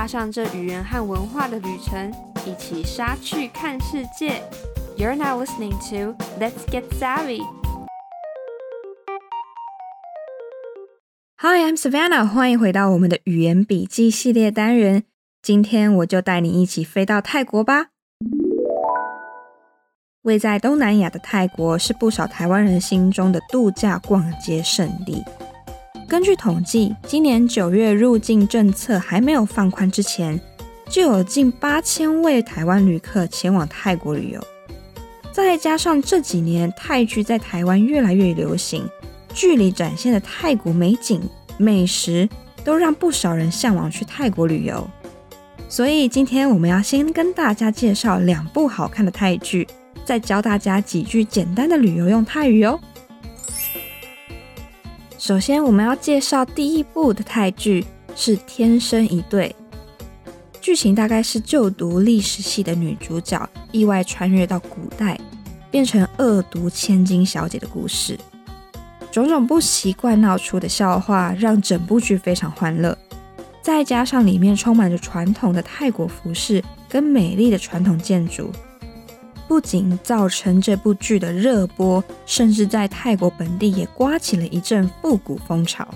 踏上這語言和文化的旅程，一起莎去看世界。You're now listening to Let's Get Savvy. Hi, I'm Savannah. 歡迎回到我們的語言筆記系列單元。今天我就帶你一起飛到泰國吧。位在東南亞的泰國，是不少台灣人心中的度假逛街聖地。根據統計，今年九月入境政策還沒有放寬之前，就有近八千位台灣旅客前往泰國旅遊。再加上這幾年泰劇在台灣越來越流行，劇裡展現的泰國美景、美食，都讓不少人嚮往去泰國旅遊。所以今天我們要先跟大家介紹兩部好看的泰劇，再教大家幾句簡單的旅遊用泰語哦。首先，我們要介紹第一部的泰劇是《天生一對》，劇情大概是就讀歷史系的女主角意外穿越到古代，變成惡毒千金小姐的故事。種種不習慣鬧出的笑話，讓整部劇非常歡樂。再加上裡面充滿着傳統的泰國服飾跟美麗的傳統建築。不僅造成這部劇的熱播，甚至在泰國本地也颳起了一陣復古風潮。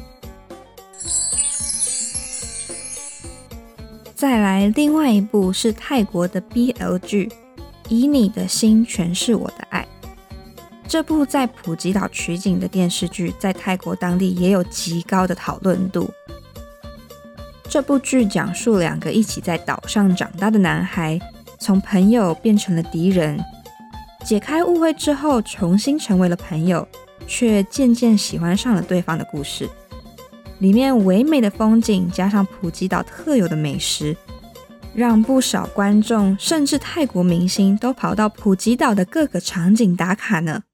再來，另外一部是泰國的 BL 劇《以你的心詮釋我的愛》。這部在普吉島取景的電視劇，在泰國當地也有極高的討論度。這部劇講述兩個一起在島上長大的男孩，從朋友變成了敵人，解開誤會之後，重新成為了朋友，卻漸漸喜歡上了對方的故事。裡面唯美的風景加上普吉島特有的美食，讓不少觀眾甚至泰國明星都跑到普吉島的各個場景打卡呢。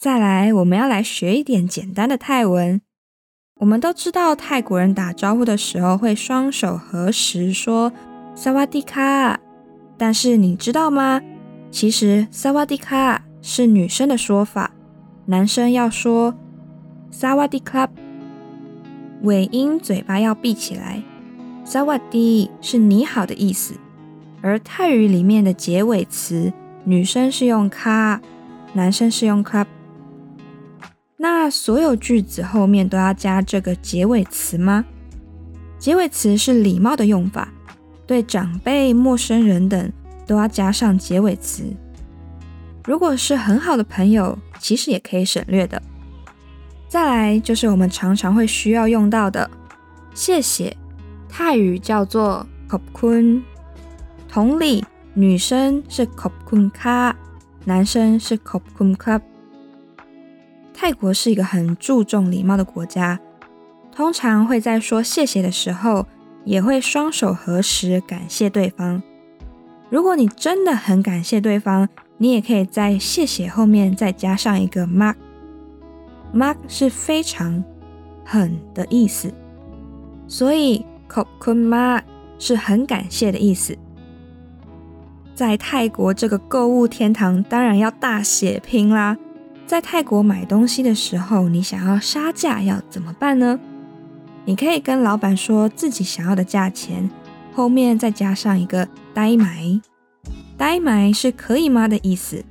再來，我們要來學一點簡單的泰文。我們都知道，泰國人打招呼的時候會雙手合十說。薩瓦迪卡，但是你知道嗎？其實薩瓦迪卡是女生的說法，男生要說薩瓦迪卡。尾音嘴巴要閉起來。薩瓦迪是你好的意思，而泰語裡面的結尾詞，女生是用卡，男生是用 club。那所有句子後面都要加這個結尾詞嗎？結尾詞是禮貌的用法。對長輩、陌生人等都要加上結尾詞。如果是很好的朋友，其實也可以省略的。再來就是我們常常會需要用到的“謝謝”，泰語叫做ขอบคุณ。同理，女生是ขอบคุณค่ะ，男生是ขอบคุณครับ。泰國是一個很注重禮貌的國家，通常會在說謝謝的時候，也會雙手合十感謝對方。如果你真的很感謝對方，你也可以在“謝謝”後面再加上一個 “mak”，“mak” 是非常很的意思，所以 khop khun mak 是很感謝的意思。在泰國這個購物天堂，當然要大血拼啦！在泰國買東西的時候，你想要殺價要怎麼辦呢？你可以跟老闆說自己想要的價錢，後面再加上一個 dai mai，dai mai 是可以嗎的意思。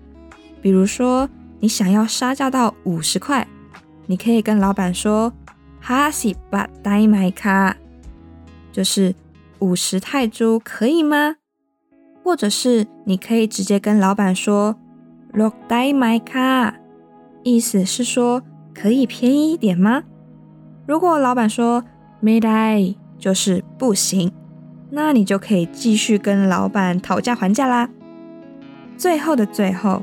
比如說，你想要殺價到五十塊，你可以跟老闆說 ha sip baht dai mai ka，就是五十泰銖可以嗎？或者是你可以直接跟老闆說 lot dai mai ka，意思是說可以便宜一點嗎？如果老闆說ไม่ได้就是不行，那你就可以繼續跟老闆討價還價啦。最後的最後，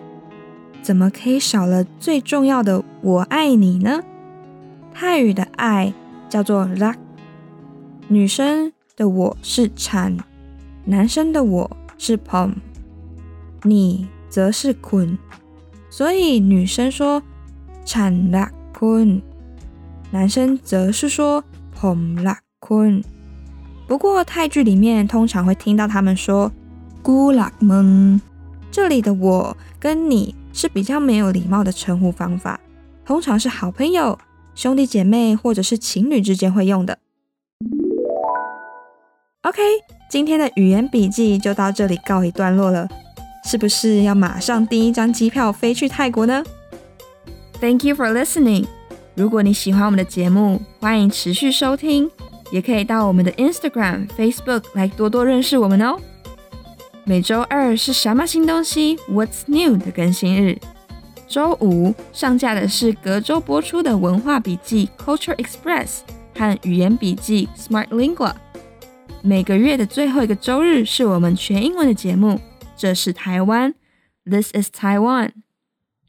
怎麼可以少了最重要的“我愛你”呢？泰語的“愛”叫做“รัก”，女生的我是“ฉัน”，男生的我是“ผม”，你則是“คุณ”，所以女生說“ฉันรักคุณ”。男生則是說“朋拉坤”，不過泰劇裡面通常會聽到他們說“古拉蒙”。這裡的“我”跟“你”是比較沒有禮貌的稱呼方法，通常是好朋友、兄弟姐妹或者是情侶之間會用的。OK，今天的語言筆記就到這裡告一段落了，是不是要馬上訂一張機票飛去泰國呢？Thank you for listening. 如果你喜歡我們的節目，歡迎持續收聽，也可以到我們的 Instagram、Facebook 來多多認識我們哦。每周二是什麼新東西？What's new 的更新日。周五上架的是隔周播出的文化筆記 Culture Express 和語言筆記 Smart Lingua。每個月的最後一個周日是我們全英文的節目，這是台灣，This is Taiwan。